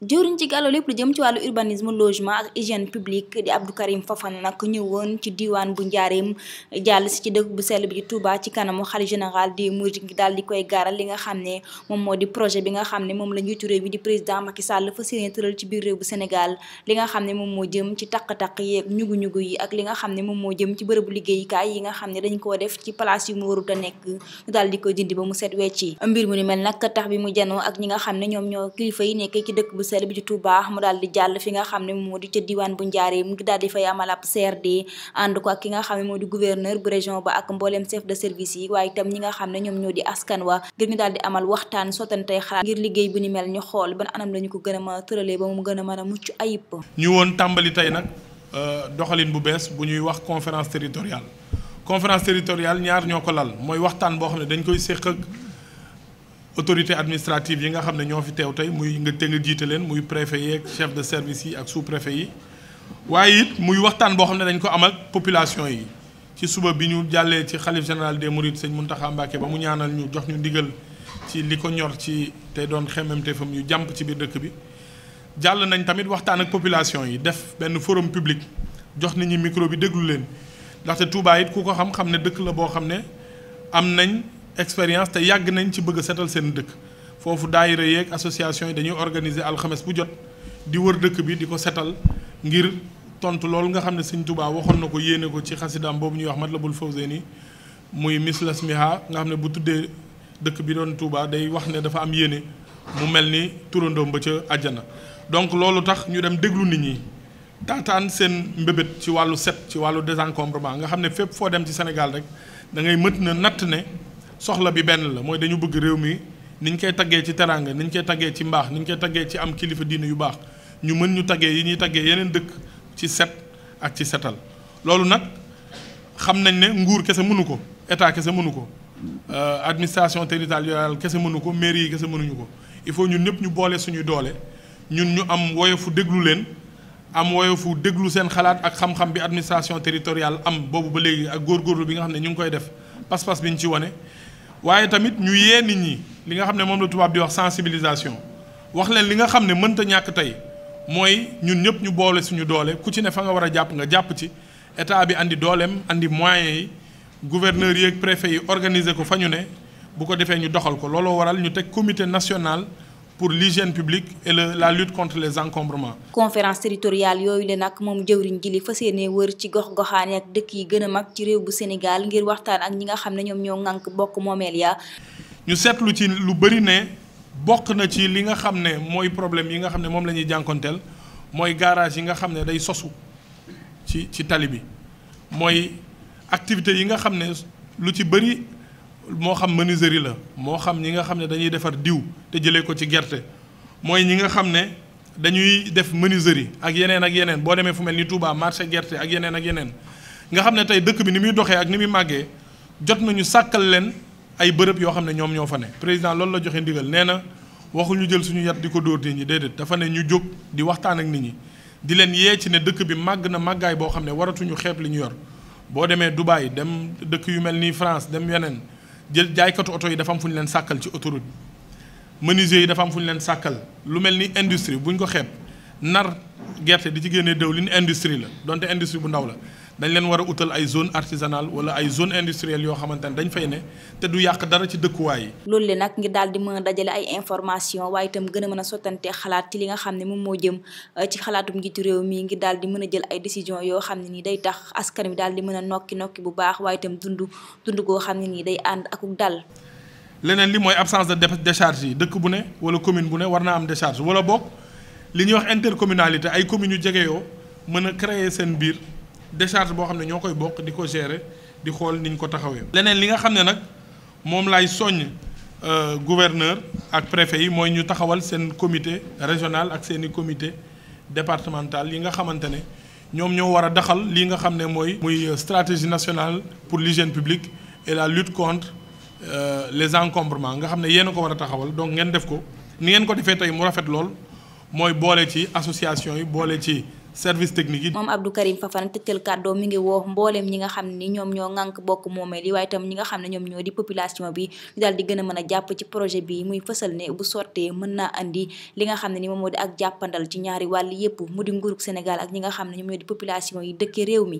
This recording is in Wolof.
jëwriñ ci galo lépp lu jëm ci wàllu urbanisme logement ak hygiène publique di Abdou Karim Fofana nag ñëwoon ci diwaan bu njaareem jàll si ci dëkk bu sell bi ci ci kanamu xalifa général di murid gi daal di koy gaaral li nga xam ne moom moo di projet bi nga xam ne moom la njiitu réew mi di président Macky Sall fa séene tëral ci biir réew bu Sénégal li nga xam ne moom moo jëm ci taq-taq yi ak ñugu-ñugu yi ak li nga xam ne moom moo jëm ci bërëbu liggéeyukaay yi nga xam ne dañ koo def ci place yu mu nekk ñu daal di koy dindi ba mu set wecci mbir mu ni mel nag tax bi mu janoo ak ñi nga xam ne ñoom ñoo kilifa yi nekk ci dëkk bu sell bi ci Touba mu daal di jàll fi nga xam ne moo di ca diwaan bu njaaree mu ngi daal di fay amal ab CRD ànd ko ak ki nga xam ne moo di gouverneur bu région ba ak mbooleem chef de service yi waaye itam ñi nga xam ne ñoom ñoo di askan wa ngir ñu daal di amal waxtaan sottantey xalaat ngir liggéey bu ni mel ñu xool ban anam lañu ko gën a mën a tëralee ba mu gën a mën a mucc ayib ñu woon tàmbali tey nag euh, doxalin bu bees bu ñuy wax conférence territoriale conférence territoriale ñaar ñoo ko lal mooy waxtaan boo dañ koy séq autorité administrative yi nga xam ne ñoo fi teew tey muy nga te nga jiite leen muy préfet yeeg chef de service yi ak sous préfet yi waaye it muy waxtaan boo xam ne dañ ko am ak population yi ci suba bi ñu jàllee ci xalif général des mourides sëñ Mountakha Mbacké ba mu ñaanal ñu jox ñu ndigal ci li ko ñor ci te doon xemmemte fam ñu jàmp ci biir dëkk bi jàll nañ tamit waxtaan ak population yi def benn forum public jox nañu micro bi déglu leen ndaxte Touba it ku xam xam ne dëkk la boo xam ne am nañ expérience te yàgg nañ ci bëgg setal seen dëkk foofu daayira yeeg association yi dañuy organiser alxames bu jot di wër dëkk bi di ko setal ngir tontu loolu nga xam ne Sëñ Tuubaa waxoon na ko yéene ko ci xasidaam boobu ñuy wax Matlabul Fawzeyni muy mislas miha nga xam ne bu tuddee dëkk bi doon Touba day wax ne dafa am yéene mu mel ni turandoom ba ca àjjana donc loolu tax ñu dem déglu nit ñi taataan seen mbébét ci wàllu set ci wàllu désencombrement nga xam ne fépp foo dem ci Sénégal rek da ngay mët na natt soxla bi benn la mooy dañu bëgg réew mi niñ koy taggee ci teraanga niñ koy taggee ci mbaax niñ koy taggee ci am kilifa diine yu baax ñu mën ñu taggee yi ñuy taggee yeneen dëkk ci set ak ci setal loolu nag xam nañ ne nguur kese mënu ko état kese mënu ko euh, administration territoriale kese mënu ko mairie yi kese mënuñu ko il faut ñun ñëpp ñu boole suñuy doole ñun ñu am woyofu déglu leen am woyofu déglu seen xalaat ak xam bi administration territoriale am boobu ba léegi ak góorgóorlu bi nga xam ne ñu ngi koy def pas-pas bi ñu ci wane waaye tamit ñu yee nit ñi li nga xam ne moom la tubaab di wax sensibilisation wax leen li nga xam ne mënta ñàkk tey mooy ñun ñëpp ñu boole suñu doole ku ci ne fa nga war a jàpp nga jàpp ci état bi indi dooleem indi moyens yi gouverneurs yi ak préfet yi organiser ko fa ñu ne bu ko defee ñu doxal ko looloo waral ñu teg comité national. pour l'hygiène publique et le, la lutte contre les encombrements. conférence territoriale yooyu la nag moom jëwriñ ji li fas yéene wër ci gox-goxaan ak dëkk yi gën a mag ci réew bu Sénégal ngir waxtaan ak ñi nga xam ne ñoom ñoo ŋànk bokk moomeel ya ñu seetlu ci lu bëri ne bokk na ci li nga xam ne mooy problème yi nga xam ne moom la ñuy jànkonteel mooy garage yi nga xam ne day sosu ci ci tali bi mooy activités yi nga xam ne lu ci bëri. moo xam menuiserie la moo xam ñi nga xam ne dañuy defar diw te jëlee ko ci gerte mooy ñi nga xam ne dañuy def menuiserie ak yeneen ak yeneen boo demee fu mel ni tuubaa marché gerte ak yeneen ak yeneen nga xam ne tey dëkk bi ni muy doxee ak ni muy màggee jot nañu sàkkal leen ay bërëb yoo xam ne ñoom ñoo fa ne président loolu la joxe ndigal nee na waxul ñu jël suñu yat di ko dóor nit ñi déedéet dafa ne ñu jóg di waxtaan ak nit ñi di leen yee ci ne dëkk bi màgg na màggaay boo xam ne waratuñu xeeb li ñu yor boo demee Dubaï dem dëkk yu mel ni France dem yeneen jël jaaykatu oto yi dafa am fu ñu leen sàkkal ci autoroute menuisier yi dafa am fu ñu leen sàkkal lu mel ni industrie bu ñu ko xeeb nar gerte di ci génnee dëwlin industrie la donte industrie bu ndaw la dañ leen war a utal ay zone artisanale wala ay zone industrielle yoo xamante ne dañ fay ne te du yàq dara ci dëkkuwaay yi. loolu le nag ngir daal di mën a dajale ay information waaye itam gën a mën a sottante xalaat ci li nga xam ne moom moo jëm euh, ci xalaatum njiitu réew mi ngir di mën a jël ay décision yoo xam ne nii day tax askan wi daal di mën a nokki nokki bu baax waaye tam dund dund goo xam ne nii day ànd ak akuk dal. leneen li mooy absence de décharge yi dëkk bu ne wala commune bu ne war naa am décharge wala boog li ñuy wax intercommunalité ay communes yu jege yoo mën a créer seen biir décharge boo xam ne ñoo koy bokk di ko gérer di xool niñ ko taxawee. leneen li nga xam ne nag moom laay soññ euh, gouverneur ak préfet yi mooy ñu taxawal seen comité régional ak seen i comité départemental yi nga xamante ne ñoom ñoo war a daxal lii nga xam ne mooy. muy euh, stratégie nationale pour l'hygiène publique et la lutte contre euh, les encombrements nga xam ne yéen a ko war a taxawal donc ngeen def ko ni ngeen ko defee tey mu rafet lool mooy boole ci association yi boole ci. service technique yi. moom Abdou Karim Fafana tëccal kàddoo mi ngi woo mboolem ñi nga xam ni ñoom ñoo ŋànk bokk moomeel yi waaye itam ñi nga xam ne ñoom ñoo di population bi ñu daal di gën a mën a jàpp ci projet bi muy fësal ne bu sottee mën naa indi li nga xam ne ni moom moo di ak jàppandal ci ñaari wàll yépp mu di nguurug Sénégal ak ñi nga xam ne ñoom ñoo di population yi dëkke réew mi